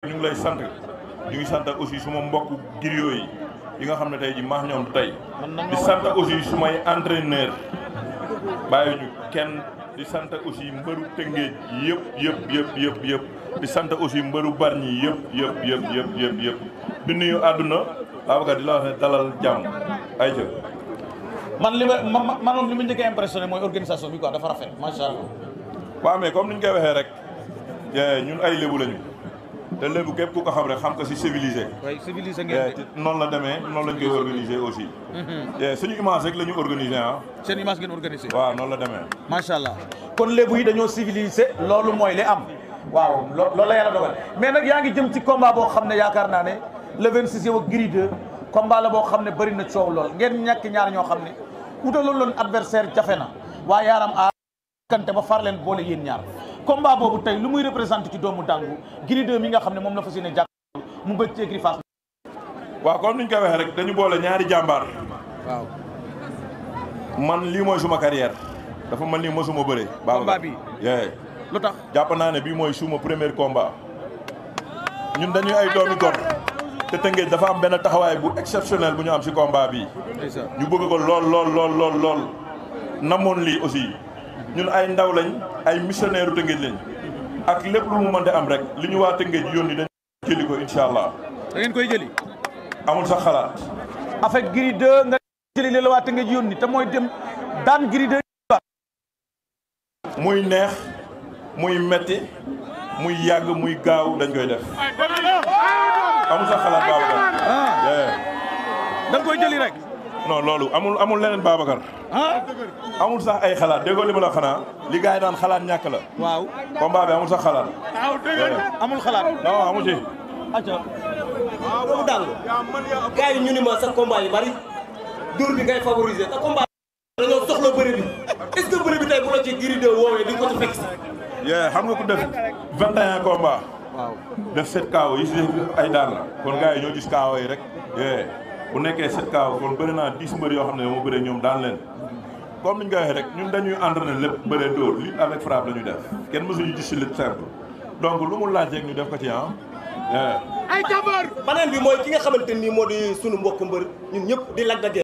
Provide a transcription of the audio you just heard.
ñu ngi lay sant ñu ngi sant aussi suma mbokk griyo yi yi nga xam ne tey ji maax ñoom tey di sant aussi sumay entraîneur bàyyi ñu kenn di sant aussi mbëru tëngeej yëpp yëpp yëpp yëpp yëpp di sant aussi mbëru barñi yëpp yëpp yëpp yëpp yëpp yëpp di nuyu àdduna Babacar di la wax ne dalal jàmm ay jëf man li ma man moom li ma njëkk a impressionné mooy organisation bi quoi dafa rafet macha allah mais comme koy waxee rek eh, ñun ay lébu lañu te lébu képp ku ko xam rek xam ko si civilisé. waay civilisé ngeen eh, de. la demee noonu lañ koy organisé aussi. Mhm. Eh, suñu image rek la ñu organisé ah. seen image ngeen organisé. waaw noonu la demee. macha allah kon lébu yi dañoo civilisé loolu mooy li am. waaw loolu la yàlla dogal mais nag yaa ngi jëm ci combat boo xam ne yaakaar naa ne le 26 yow ak Gris 2 la boo xam ne bëri na coow lool ngeen ñàkk ñaar ñoo xam ne lool loon adversaire jafe na waa yaaram a kante ba far leen boole yéen ñaar. combat boobu tey lu muy représenté ci doomu dàngu Gris 2 mi nga xam ne moom la fas yéene jàpp mu bëgg ci Gris Fass waaw comme ni ñu ko waxee rek dañu boole ñaari jàmbaar man lii mooy suma carrière dafa man lii mosuma bëree combat bi yee lu tax jàpp naa ne bii mooy suma premier combat ñun dañuy ay doomi góor te Tëngéej dafa am benn taxawaay bu exceptionnel bu ñu am si combat bi ñu bëgg ko lool lool lool lool lool namoon lii aussi ñun ay ndaw lañ ay missionnaire te ngeen lañ ak lepp lu mu mën di am rek li ñu waa tëngéej yoni dañ jëli ko inshallah da ngeen koy jëli amul sax xalaat avec giri de nga jëli le la ngeen tëngéej yónni te moy dem daan giri de muy neex muy metti muy yag muy gaaw dañ koy def amul sax xalaat baaw ah. da ngeen koy jëli rek non loolu amul amul leneen Babacar. ah amul sax ay xalaat déggoo li ma xanaa. li gars yi daan xalaat ñàkk la. waaw combat bi amul sax xalaat. waaw ah, dégg amul xalaat. non amu ci. acca loolu ah, daal gars yi ñu ni ma sa combat yu bari dur bi ngay favoriser sa combat. dañoo bi est-ce que bëri bu la ci woowee di ko ci fekk si. yee xam nga ku def vingt et un combat. waaw def sept kaaw yi si ay daan la kon gars yi ñoo gis kaaw yi rek. bu nekkee sept kaaw kon bëri naa dix mbër yoo xam ne moo bëree ñoom daan leen comme ni ñu ko rek ñun dañuy entraîné lépp bëree dóor li avec frappe la ñu def kenn mësuñu gis si lutte simple donc lu mu laaj rek ñu def ko ci ah. ay jabar beneen bi mooy ki nga xamante nii moo di sunu mbokk mbër ñun ñëpp di Lac de